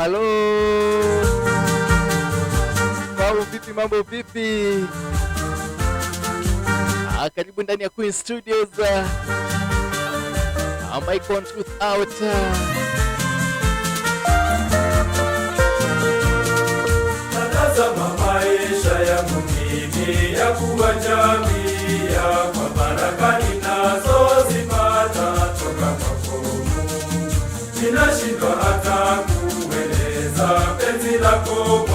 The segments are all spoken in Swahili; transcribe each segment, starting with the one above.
halo, mambo vipi? Mambo vipi? Ah, karibu ndani ya Queen Studios. Ah, mic on truth out. Natazama maisha yangu mimi ya kuwa jamii ya kwa barakani Jacob.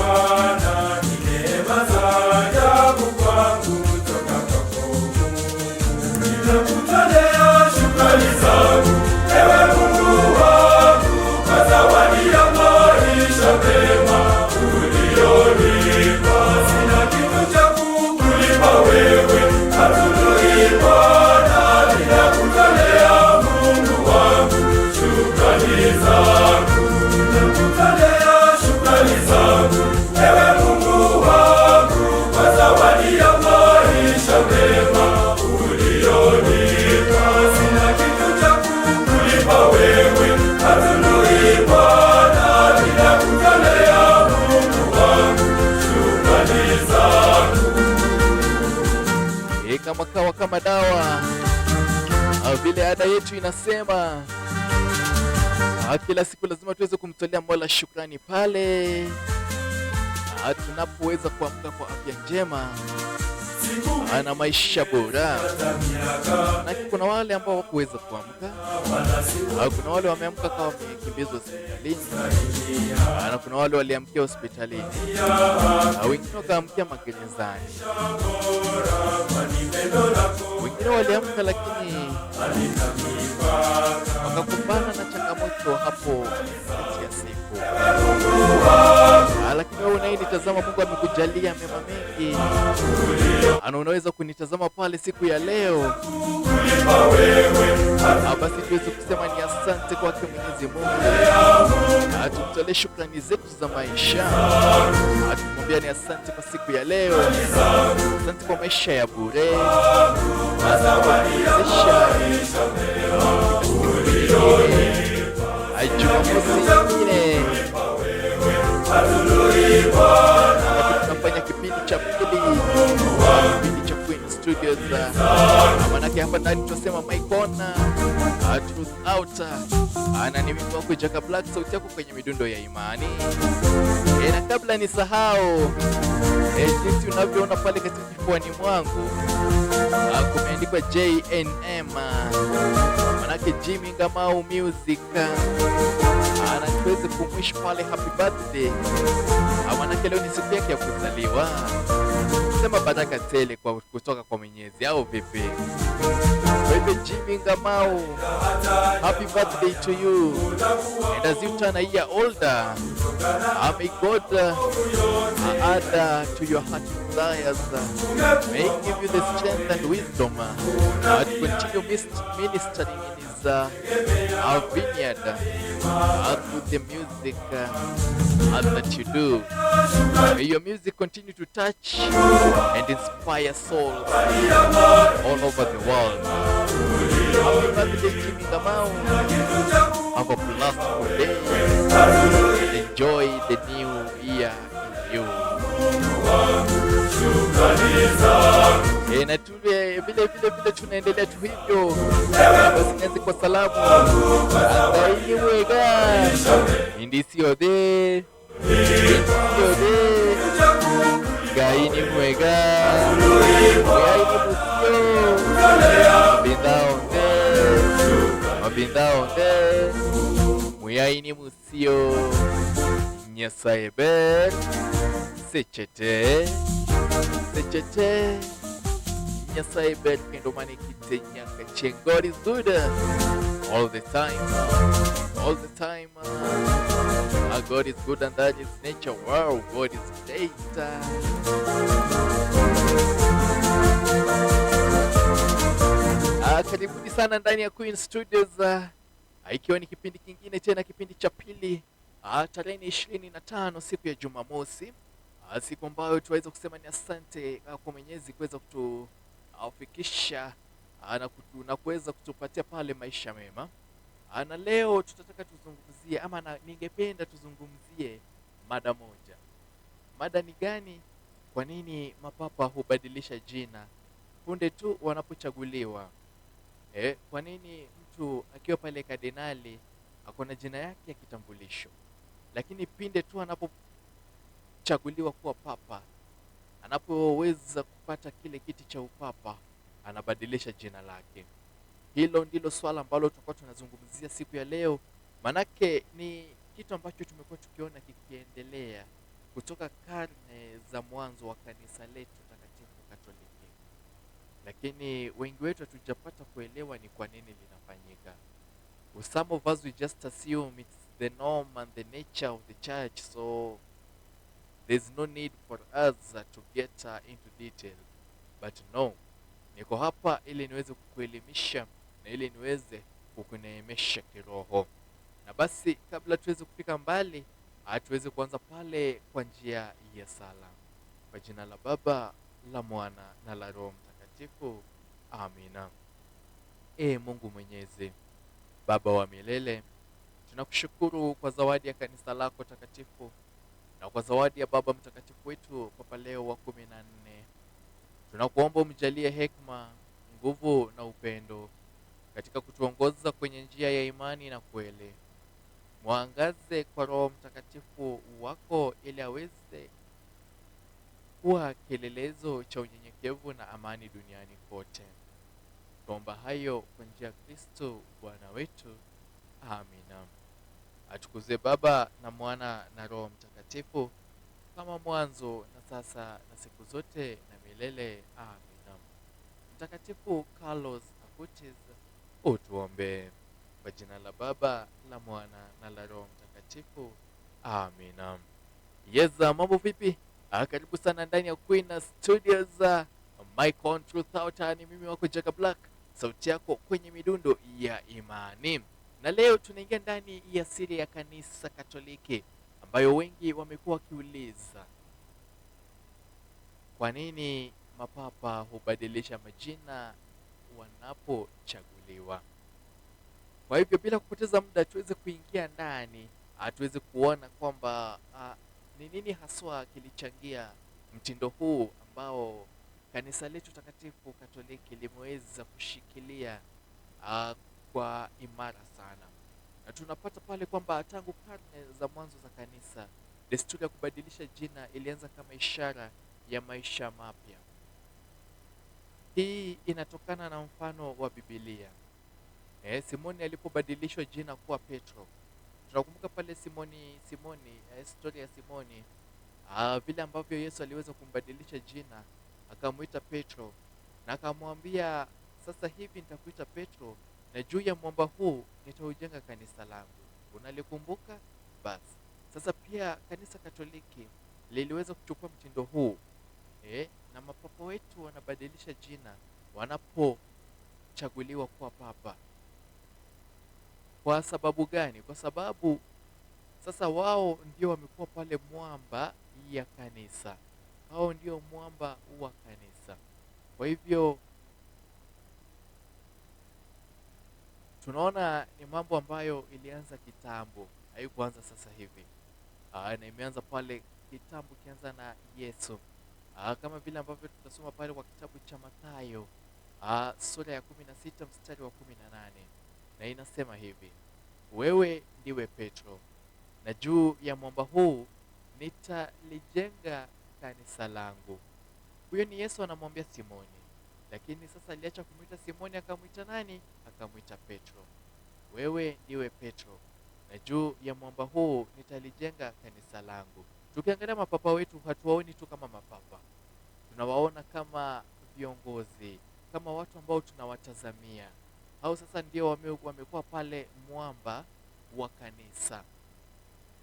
ibada yetu inasema ah, kila siku lazima tuweze kumtolea Mola shukrani pale ah, tunapoweza kuamka kwa afya njema na maisha bora. Na kuna wale ambao hawakuweza kuamka, ah, kuna wale wameamka kwa wamekimbizwa hospitalini, na kuna wale waliamkia hospitalini, wengine wakaamkia magerezani. Wengine waliamka lakini wakakumbana na changamoto hapo kati ya siku, ah, lakini wewe unayenitazama, Mungu amekujalia mema mengi, ana ah, unaweza kunitazama pale siku ya leo. Ah, basi tuweze kusema ni asante kwake Mwenyezi Mungu, atumtolee shukrani zetu za maisha, atumwambia ni asante kwa siku ya leo, asante kwa maisha ya bure tunafanya kipindi cha pili, kipindi cha Queen Studios. Manake hapa ndani tunasema Maikona uh, Truth Out ana uh, ni wimbo wako Jack Black, sauti yako kwenye midundo ya imani. E, na kabla nisahau sahau eh, jinsi unavyoona pale katika kifuani mwangu ah, kumeandikwa JNM, manake Jimmy Ngamau Music, ah, na tuweze kumwish pale happy birthday, ah, manake leo ni siku yake ya kuzaliwa unasema baraka tele kwa kutoka kwa Mwenyezi au vipi? Baby Jimmy Ngamau, happy birthday to you. And as you turn a year older, may God add to your heart desires. May give you the strength and wisdom to continue ministering in our vineyard, our good the music uh, that you do. May your music continue to touch and inspire souls all over the world. Happy birthday, Jimmy Kamau. Have a blessed day and enjoy the new year in you. E, na eh, vile vile vile tunaendelea tu hivyo basi, kwa salamu indisiodhe gaini mwega mabindhaonde muyaini musio nyasaye ber sechete tetete Nyasai bed kendo mani kite nyaka cheng God is good all the time all the time uh, God is good and that is nature wow God is great uh, karibuni sana ndani ya Queen Studios uh, ikiwa ni kipindi kingine tena kipindi cha pili uh, tarehe ishirini na tano siku ya Jumamosi Ah, siku ambayo tuweza kusema ni asante ah, kwa Mwenyezi kuweza kutufikisha ah, na, kutu, na kuweza kutupatia pale maisha mema, na leo tutataka tuzungumzie ama na, ningependa tuzungumzie mada moja. Mada ni gani? Kwa nini mapapa hubadilisha jina punde tu wanapochaguliwa? Eh, kwa nini mtu akiwa pale kardinali akona jina yake ya kitambulisho, lakini pinde tu anapo kuchaguliwa kuwa papa, anapoweza kupata kile kiti cha upapa anabadilisha jina lake. Hilo ndilo swala ambalo tutakuwa tunazungumzia siku ya leo, manake ni kitu ambacho tumekuwa tukiona kikiendelea kutoka karne za mwanzo wa kanisa letu takatifu Katoliki, lakini wengi wetu hatujapata kuelewa ni kwa nini linafanyika. Some of us we just assume it's the norm and the nature of the church so There's no need for us to get uh, into detail but no, niko hapa ili niweze kukuelimisha na ili niweze kukuneemesha kiroho. Na basi kabla tuweze kufika mbali, ah, tuweze kuanza pale kwa njia ya sala. Kwa jina la Baba la Mwana na la Roho Mtakatifu, amina. E Mungu Mwenyezi, Baba wa milele, tunakushukuru kwa zawadi ya kanisa lako takatifu na kwa zawadi ya Baba Mtakatifu wetu Papa Leo wa kumi na nne, tunakuomba umjalie hekima, nguvu na upendo katika kutuongoza kwenye njia ya imani na kweli. Mwangaze kwa Roho Mtakatifu wako ili aweze kuwa kielelezo cha unyenyekevu na amani duniani kote. Tuomba hayo kwa njia ya Kristo Bwana wetu. Amina atukuze Baba na Mwana na Roho Mtakatifu, kama mwanzo na sasa na siku zote na milele. Amina. Mtakatifu Carlos Acutis, utuombee. Kwa jina la Baba la Mwana na la Roho Mtakatifu. Amina. Yeza, mambo vipi? Ah, karibu sana ndani ya Queen Studios. Uh, my Control Thought, ni mimi wako Jaga Black, sauti yako kwenye midundo ya imani. Na leo tunaingia ndani ya siri ya kanisa Katoliki ambayo wengi wamekuwa wakiuliza kwa nini mapapa hubadilisha majina wanapochaguliwa. Kwa hivyo bila kupoteza muda tuweze kuingia ndani, ah, tuweze kuona kwamba ah, ni nini haswa kilichangia mtindo huu ambao kanisa letu takatifu Katoliki limeweza kushikilia a, ah, kwa imara sana, na tunapata pale kwamba tangu karne za mwanzo za kanisa, desturi ya kubadilisha jina ilianza kama ishara ya maisha mapya. Hii inatokana na mfano wa Biblia. Eh, Simoni alipobadilishwa jina kuwa Petro. Tunakumbuka pale Simoni Simoni, historia eh, ya Simoni ah, vile ambavyo Yesu aliweza kumbadilisha jina akamwita Petro na akamwambia sasa hivi nitakuita Petro na juu ya mwamba huu nitaujenga kanisa langu. Unalikumbuka? Basi sasa pia kanisa Katoliki liliweza kuchukua mtindo huu e, na mapapa wetu wanabadilisha jina wanapochaguliwa kuwa papa. Kwa sababu gani? Kwa sababu sasa wao ndio wamekuwa pale mwamba ya kanisa, hao ndio mwamba wa kanisa. Kwa hivyo tunaona ni mambo ambayo ilianza kitambo, haikuanza sasa hivi. uh, na imeanza pale kitambo, ikianza na Yesu. uh, kama vile ambavyo tutasoma pale kwa kitabu cha Mathayo uh, sura ya kumi na sita mstari wa kumi na nane na inasema hivi: wewe ndiwe Petro, na juu ya mwamba huu nitalijenga kanisa langu. Huyo ni Yesu anamwambia Simoni lakini sasa aliacha kumwita Simoni, akamwita nani? Akamwita Petro. Wewe ndiwe Petro, na juu ya mwamba huu nitalijenga kanisa langu. Tukiangalia mapapa wetu, hatuwaoni tu kama mapapa, tunawaona kama viongozi, kama watu ambao tunawatazamia. Hao sasa ndio wamekuwa pale mwamba wa kanisa.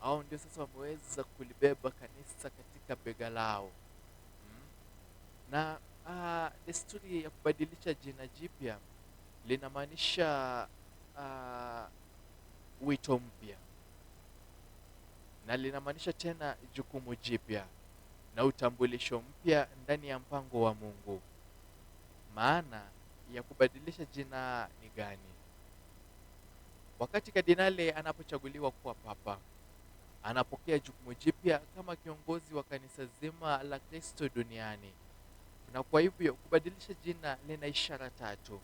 au ndio sasa wameweza kulibeba kanisa katika bega lao, hmm? na Uh, desturi ya kubadilisha jina jipya linamaanisha uh, wito mpya na linamaanisha tena jukumu jipya na utambulisho mpya ndani ya mpango wa Mungu. Maana ya kubadilisha jina ni gani? Wakati kardinali anapochaguliwa kuwa papa, anapokea jukumu jipya kama kiongozi wa kanisa zima la Kristo duniani na kwa hivyo kubadilisha jina lina ishara tatu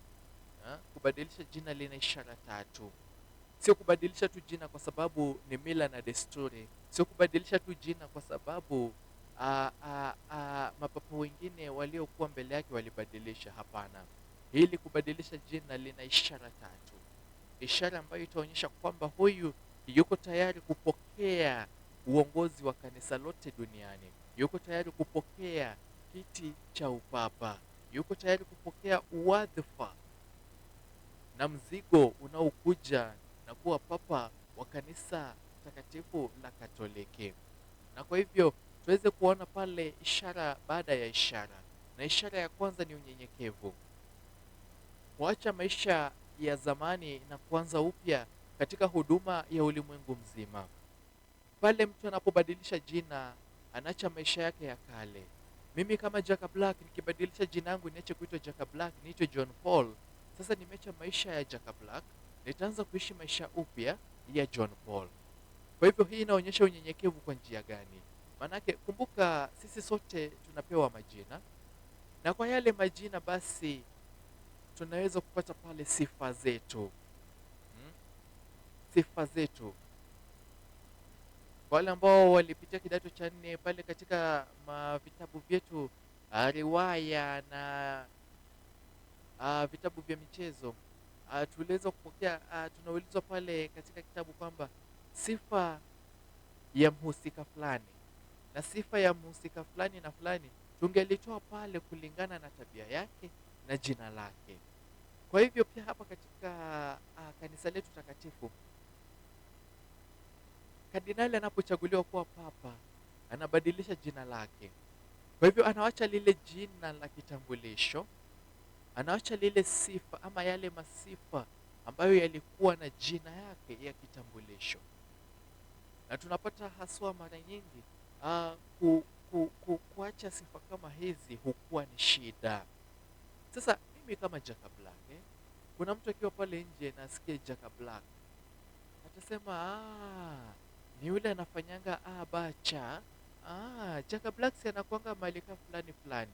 ha? Kubadilisha jina lina ishara tatu, sio kubadilisha tu jina kwa sababu ni mila na desturi, sio kubadilisha tu jina kwa sababu a, a, a, mapapa wengine waliokuwa mbele yake walibadilisha. Hapana, ili kubadilisha jina lina ishara tatu, ishara ambayo itaonyesha kwamba huyu yuko tayari kupokea uongozi wa kanisa lote duniani, yuko tayari kupokea kiti cha upapa, yuko tayari kupokea uwadhifa na mzigo unaokuja na kuwa papa wa kanisa takatifu la Katoliki. Na kwa hivyo tuweze kuona pale ishara baada ya ishara, na ishara ya kwanza ni unyenyekevu, kuacha maisha ya zamani na kuanza upya katika huduma ya ulimwengu mzima. Pale mtu anapobadilisha jina, anaacha maisha yake ya kale mimi kama Jack Black nikibadilisha jina langu niache kuitwa Jack Black niitwe John Paul, sasa nimeacha maisha ya Jack Black, nitaanza kuishi maisha upya ya John Paul. Kwa hivyo hii inaonyesha unyenyekevu kwa njia gani? Maanake kumbuka, sisi sote tunapewa majina, na kwa yale majina basi tunaweza kupata pale sifa zetu, hmm? sifa zetu kwa wale ambao walipitia kidato cha nne pale katika vitabu vyetu uh, riwaya na uh, vitabu vya michezo uh, tuliweza kupokea uh, tunaulizwa pale katika kitabu kwamba sifa ya mhusika fulani na sifa ya mhusika fulani na fulani tungelitoa pale kulingana na tabia yake na jina lake. Kwa hivyo pia hapa katika uh, kanisa letu takatifu kardinali anapochaguliwa kuwa papa anabadilisha jina lake. Kwa hivyo anawacha lile jina la kitambulisho, anawacha lile sifa ama yale masifa ambayo yalikuwa na jina yake ya kitambulisho, na tunapata haswa mara nyingi uh, ku, ku, ku, kuacha sifa kama hizi hukuwa ni shida. Sasa mimi kama Jaka Black eh, kuna mtu akiwa pale nje na asikie Black atasema ah, ni yule anafanyanga a ba cha ah, Jack ah, Blacks anakuanga malika fulani fulani,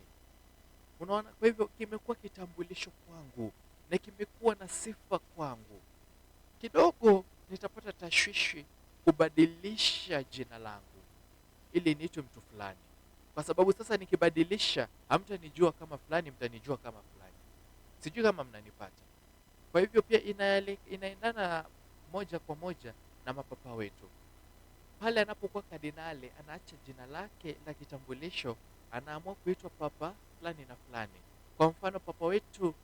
unaona. Kwa hivyo kimekuwa kitambulisho kwangu na kimekuwa na sifa kwangu. Kidogo nitapata tashwishi kubadilisha jina langu ili niitwe mtu fulani, kwa sababu sasa nikibadilisha, hamtanijua kama fulani, mtanijua kama fulani. Sijui kama mnanipata. Kwa hivyo pia inaendana moja kwa moja na mapapa wetu pale anapokuwa kardinali anaacha jina lake la kitambulisho, anaamua kuitwa papa fulani na fulani. Kwa mfano papa wetu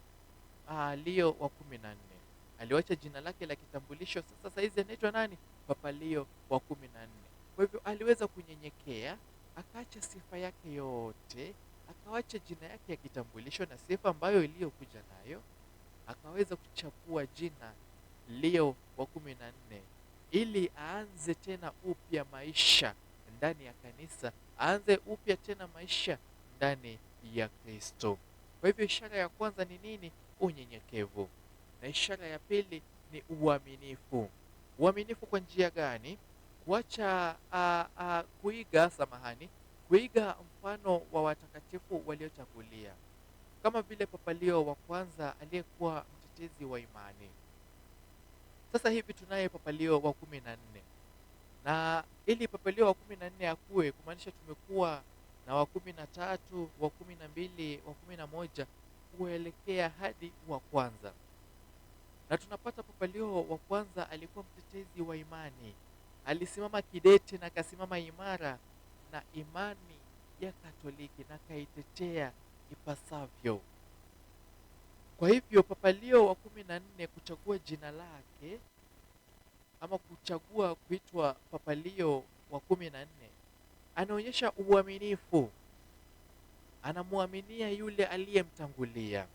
uh, Leo wa kumi na nne aliwacha jina lake la kitambulisho sasa, saizi anaitwa nani? Papa Leo wa kumi na nne. Kwa hivyo aliweza kunyenyekea, akaacha sifa yake yote, akawacha jina yake ya kitambulisho na sifa ambayo iliyokuja nayo, akaweza kuchagua jina Leo wa kumi na nne ili aanze tena upya maisha ndani ya kanisa, aanze upya tena maisha ndani ya Kristo. Kwa hivyo ishara ya kwanza ni nini? Unyenyekevu. Na ishara ya pili ni uaminifu. Uaminifu kwa njia gani? Kuacha a, a, kuiga, samahani, kuiga mfano wa watakatifu waliotangulia, kama vile Papa Leo wa kwanza aliyekuwa mtetezi wa imani sasa hivi tunaye Papa Leo wa kumi na nne na ili Papa Leo wa kumi na nne akuwe, kumaanisha tumekuwa na wa kumi na tatu, wa kumi na mbili, wa kumi na moja kuelekea hadi wa kwanza, na tunapata Papa Leo wa kwanza alikuwa mtetezi wa imani, alisimama kidete na akasimama imara na imani ya Katoliki na akaitetea ipasavyo. Kwa hivyo Papa Leo wa kumi na nne kuchagua jina lake ama kuchagua kuitwa Papa Leo wa kumi na nne anaonyesha uaminifu, anamwaminia yule aliyemtangulia.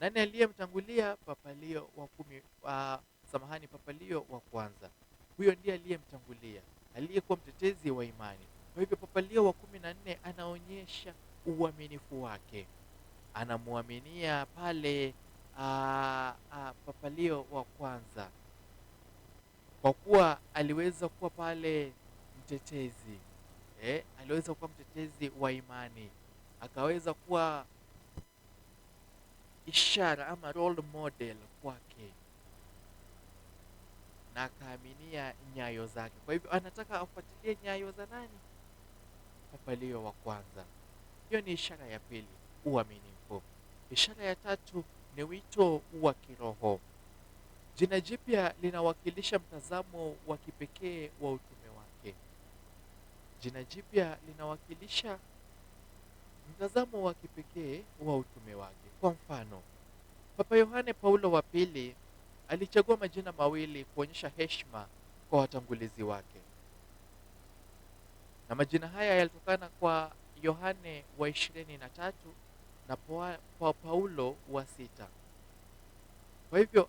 Nani aliyemtangulia? Papa Leo wa kumi, uh, samahani, Papa Leo wa kwanza. Huyo ndiye aliyemtangulia, aliyekuwa mtetezi wa imani. Kwa hivyo Papa Leo wa kumi na nne anaonyesha uaminifu wake, anamwaminia pale a, a, Papalio wa kwanza, kwa kuwa aliweza kuwa pale mtetezi eh, aliweza kuwa mtetezi wa imani, akaweza kuwa ishara ama role model kwake na akaaminia nyayo zake. Kwa hivyo anataka afuatilie nyayo za nani? Papalio wa kwanza. Hiyo ni ishara ya pili, uaminifu. Ishara ya tatu ni wito wa kiroho. Jina jipya linawakilisha mtazamo wa kipekee wa utume wake. Jina jipya linawakilisha mtazamo wa kipekee wa utume wake. Kwa mfano, Papa Yohane Paulo wa pili alichagua majina mawili kuonyesha heshima kwa watangulizi wake, na majina haya yalitokana kwa Yohane wa ishirini na tatu na kwa Paulo wa sita. Kwa hivyo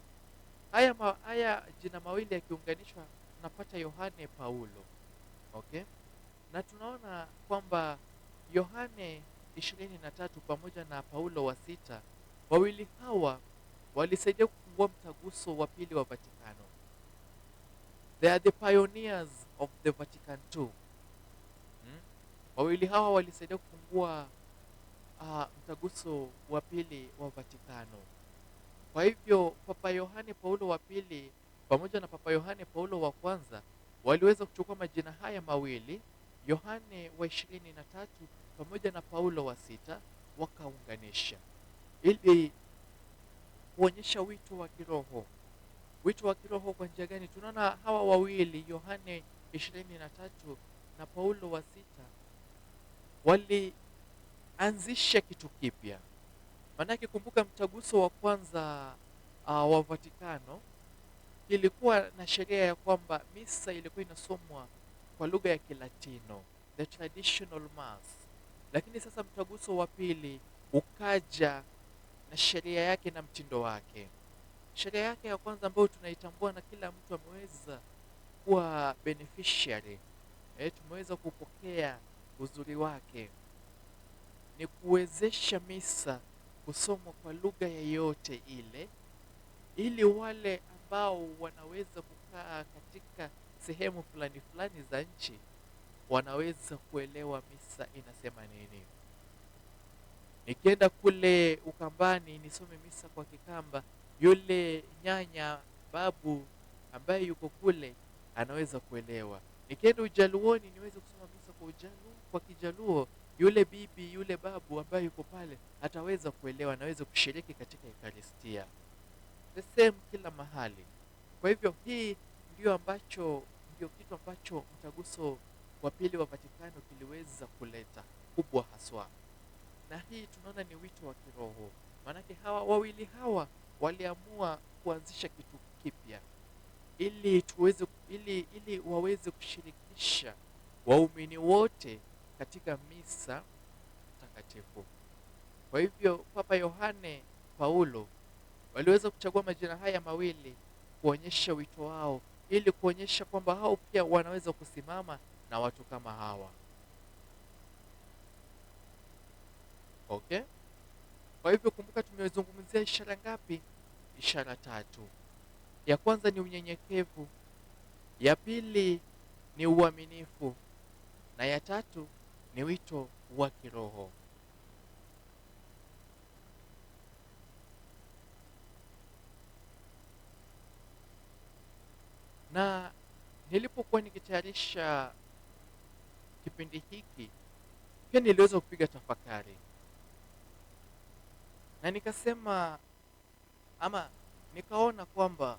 haya, ma, haya jina mawili yakiunganishwa tunapata Yohane Paulo, okay? Na tunaona kwamba Yohane ishirini na tatu pamoja na Paulo wa sita, wawili hawa walisaidia kufungua mtaguso wa pili wa Vatikano. They are the pioneers of the Vatican II. Hmm? Wawili hawa walisaidia kufungua uh, mtaguso wa pili wa Vatikano. Kwa hivyo Papa Yohane Paulo wa pili pamoja na Papa Yohane Paulo wa kwanza waliweza kuchukua majina haya mawili Yohane wa ishirini na tatu pamoja na Paulo wa sita wakaunganisha ili kuonyesha wito wa kiroho. Wito wa kiroho kwa njia gani? Tunaona hawa wawili Yohane ishirini na tatu na Paulo wa sita wali anzisha kitu kipya. Maanake kumbuka, mtaguso wa kwanza uh, wa Vatikano ilikuwa na sheria ya kwamba misa ilikuwa inasomwa kwa lugha ya Kilatino, the traditional mass, lakini sasa mtaguso wa pili ukaja na sheria yake na mtindo wake. Sheria yake ya kwanza ambayo tunaitambua na kila mtu ameweza kuwa beneficiary eh, tumeweza kupokea uzuri wake ni kuwezesha misa kusomwa kwa lugha yoyote ile, ili wale ambao wanaweza kukaa katika sehemu fulani fulani za nchi wanaweza kuelewa misa inasema nini. Nikienda kule Ukambani nisome misa kwa Kikamba, yule nyanya babu ambaye yuko kule anaweza kuelewa. Nikienda Ujaluoni niweze kusoma misa kwa Ujaluo, kwa Kijaluo yule bibi yule babu ambaye yuko pale ataweza kuelewa, anaweza kushiriki katika Ekaristia the same kila mahali. Kwa hivyo hii ndio ambacho ndio kitu ambacho mtaguso wa pili wa Vatikano kiliweza kuleta kubwa haswa, na hii tunaona ni wito wa kiroho, maanake hawa wawili hawa waliamua kuanzisha kitu kipya ili tuweze ili, ili waweze kushirikisha waumini wote katika misa takatifu. Kwa hivyo Papa Yohane Paulo waliweza kuchagua majina haya mawili kuonyesha wito wao, ili kuonyesha kwamba hao pia wanaweza kusimama na watu kama hawa. Okay? Kwa hivyo kumbuka, tumezungumzia ishara ngapi? Ishara tatu. Ya kwanza ni unyenyekevu, ya pili ni uaminifu na ya tatu ni wito wa kiroho. Na nilipokuwa nikitayarisha kipindi hiki pia niliweza kupiga tafakari na nikasema ama nikaona kwamba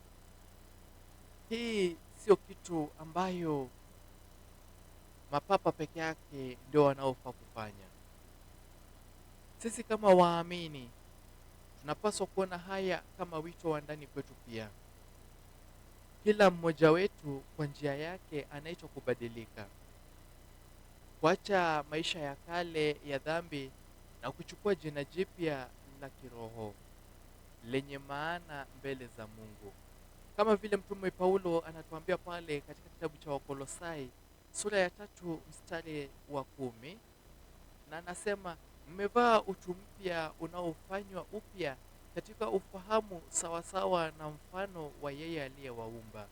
hii sio kitu ambayo mapapa peke yake ndio wanaofaa kufanya. Sisi kama waamini tunapaswa kuona haya kama wito wa ndani kwetu pia. Kila mmoja wetu kwa njia yake anaitwa kubadilika, kuacha maisha ya kale ya dhambi na kuchukua jina jipya la kiroho lenye maana mbele za Mungu, kama vile Mtume Paulo anatuambia pale katika kitabu cha Wakolosai sura ya tatu mstari wa kumi na anasema mmevaa utu mpya unaofanywa upya katika ufahamu sawasawa na mfano wa yeye aliyewaumba.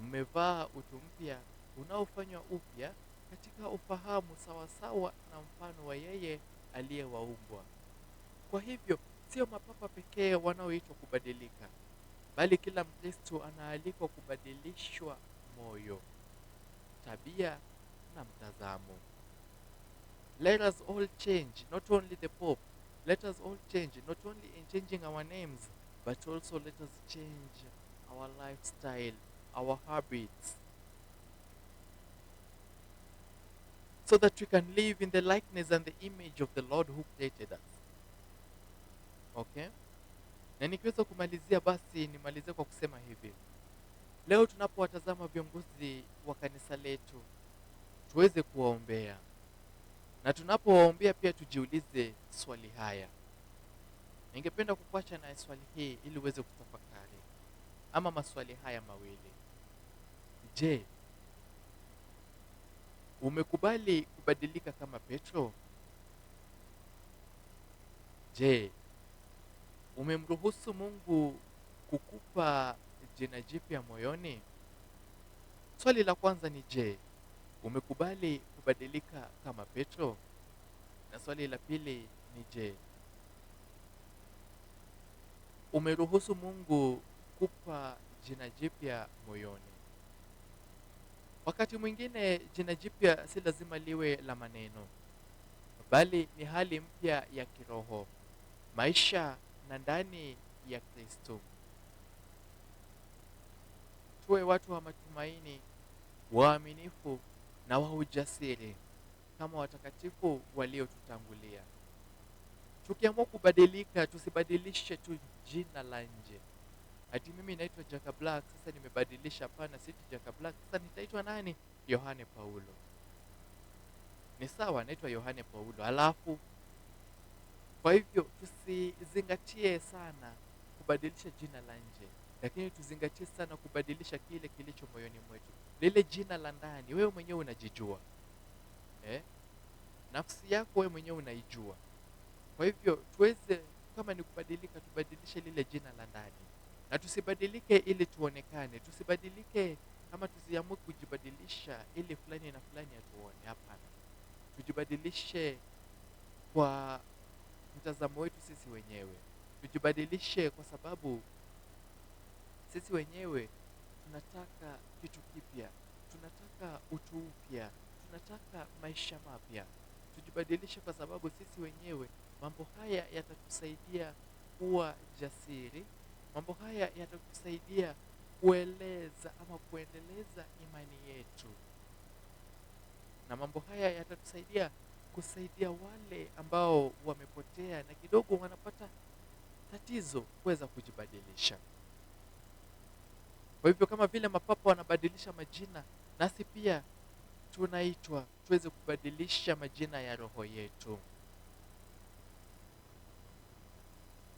Mmevaa utu mpya unaofanywa upya katika ufahamu sawasawa na mfano wa yeye aliyewaumbwa. Kwa hivyo sio mapapa pekee wanaoitwa kubadilika, bali kila Mkristo anaalikwa kubadilishwa moyo. tabia na mtazamo. Let us all change, not only the Pope. Let us all change, not only in changing our names, but also let us change our lifestyle, our habits, so that we can live in the likeness and the image of the Lord who created us. Okay? Na nikiweza kumalizia basi nimalizie kwa kusema hivi. Leo tunapowatazama viongozi wa kanisa letu tuweze kuwaombea, na tunapowaombea pia tujiulize swali haya. Ningependa kukuacha na swali hii ili uweze kutafakari, ama maswali haya mawili. Je, umekubali kubadilika kama Petro? Je, umemruhusu Mungu kukupa jina jipya moyoni? Swali la kwanza ni je, umekubali kubadilika kama Petro? Na swali la pili ni je, umeruhusu Mungu kupa jina jipya moyoni? Wakati mwingine jina jipya si lazima liwe la maneno, bali ni hali mpya ya kiroho, maisha na ndani ya Kristo tuwe watu wa matumaini, waaminifu na wa ujasiri kama watakatifu waliotutangulia. Tukiamua kubadilika, tusibadilishe tu jina la nje ati mimi naitwa Jaka Black, sasa nimebadilisha. Hapana, siti Jaka Black, sasa nitaitwa nani? Yohane Paulo. Ni sawa, naitwa Yohane Paulo alafu. Kwa hivyo tusizingatie sana kubadilisha jina la nje lakini tuzingatie sana kubadilisha kile kilicho moyoni mwetu, lile jina la ndani. Wewe mwenyewe unajijua eh? Nafsi yako wewe mwenyewe unaijua. Kwa hivyo tuweze kama ni kubadilika, tubadilishe lile jina la ndani, na tusibadilike ili tuonekane, tusibadilike ama tusiamue kujibadilisha ili fulani na fulani atuone. Hapana, tujibadilishe kwa mtazamo wetu sisi wenyewe, tujibadilishe kwa sababu sisi wenyewe tunataka kitu kipya, tunataka utu upya, tunataka maisha mapya. Tujibadilishe kwa sababu sisi wenyewe, mambo haya yatatusaidia kuwa jasiri, mambo haya yatatusaidia kueleza ama kuendeleza imani yetu, na mambo haya yatatusaidia kusaidia wale ambao wamepotea na kidogo wanapata tatizo kuweza kujibadilisha. Kwa hivyo kama vile mapapa wanabadilisha majina, nasi pia tunaitwa tuweze kubadilisha majina ya roho yetu.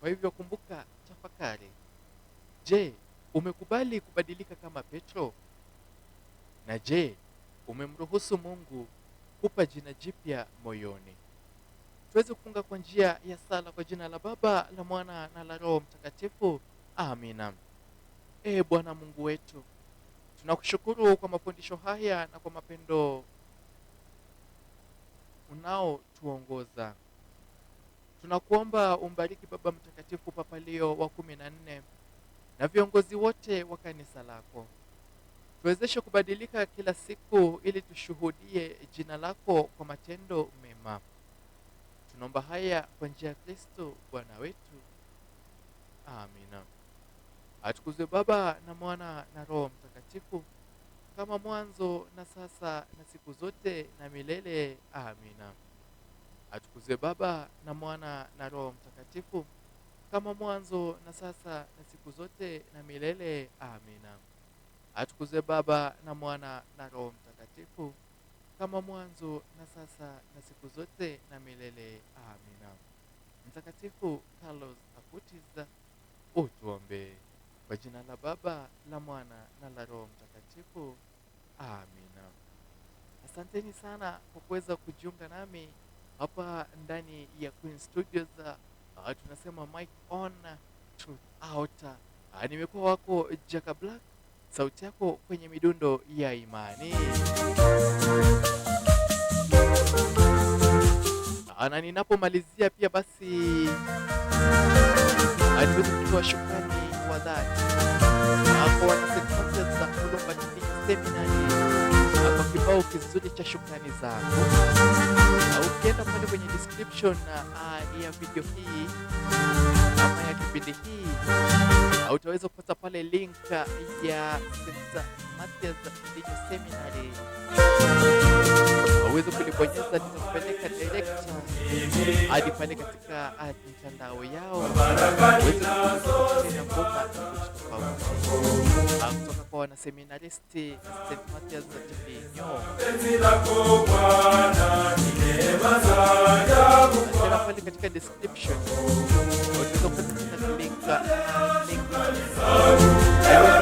Kwa hivyo kumbuka, tafakari. Je, umekubali kubadilika kama Petro? Na je, umemruhusu Mungu kupa jina jipya moyoni? Tuweze kufunga kwa njia ya sala kwa jina la Baba, la Mwana na la Roho Mtakatifu. Amina e Bwana Mungu wetu, tunakushukuru kwa mafundisho haya na kwa mapendo unaotuongoza. Tunakuomba umbariki Baba Mtakatifu, Papa Leo wa kumi na nne na viongozi wote wa kanisa lako, tuwezeshe kubadilika kila siku ili tushuhudie jina lako kwa matendo mema. Tunaomba haya kwa njia ya Kristo Bwana wetu, amina. Atukuzwe Baba na Mwana na Roho Mtakatifu, kama mwanzo na sasa na siku zote na milele. Amina. Atukuzwe Baba na Mwana na Roho Mtakatifu, kama mwanzo na sasa na siku zote na milele. Amina. Atukuzwe Baba na Mwana na Roho Mtakatifu, kama mwanzo na sasa na siku zote na milele. Amina. Mtakatifu Carlos Acutis, utuombee. Kwa jina la Baba, la Mwana na la Roho Mtakatifu. Amina. Asanteni sana kwa kuweza kujiunga nami hapa ndani ya Queen Studios. Uh, tunasema mic on truth out. Uh, nimekuwa wako Jaka Black, sauti yako kwenye midundo ya imani ah, na ninapomalizia pia basi niweze kutoa shukrani tafadhali hapo wanasekunde za kulombatiki seminari hapo kibao kizuri cha shukrani zako, ukienda pale kwenye description ah, ah, ya video hii ama ya kipindi hii utaweza kupata pale link ya St. Mathias Seminary. Uweze kulibonyeza litakupeleka direct hadi pale katika ah, mitandao yao, uweze tena ngoma tofauti ah, kutoka kwa wanaseminaristi Mathias Kivinyo. Tena pale katika description utaweza kupata link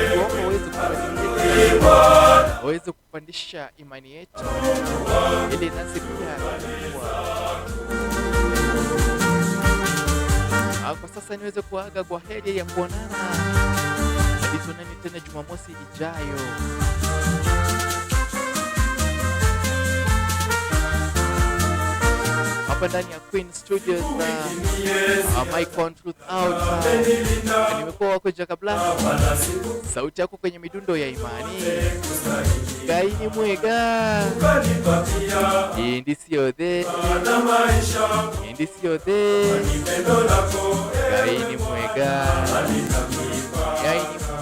waweze kupandisha imani yetu ili nasi pia ah, kwa sasa niweze kuaga kwa heri ya kuonana hadi tuonane tena Jumamosi ijayo. hapa ndani ya Queen Studios na uh, um, Mike on Truth Out uh, nimekuwa wako Jaka Black, sauti yako kwenye midundo ya imani gaini mwega sio the sio the gaini mwega gaini mwega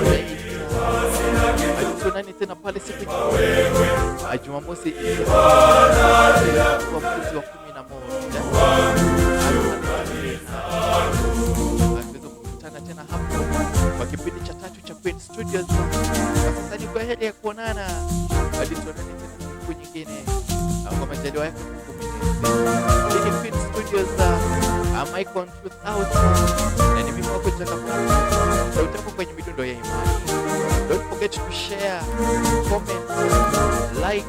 tena pale siku ya Jumamosi kwa mwezi wa kumi na moja akiweza kukutana tena hapo kwa kipindi cha tatu cha Queen Studios. Sasa ni kwa heri ya kuonana, hadi tuonane tena siku nyingine kwa majaliwa yake Queen Studios. Uh, Mic on truth out, na ni mimi wako Chakapu, sauti yako kwenye midundo ya imani share, comment, like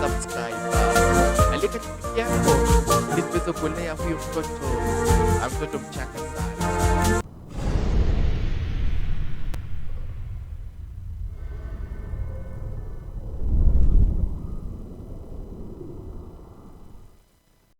subscribe. Alika yako ili tuweze kulea huyu mtoto, mtoto mchanga sana.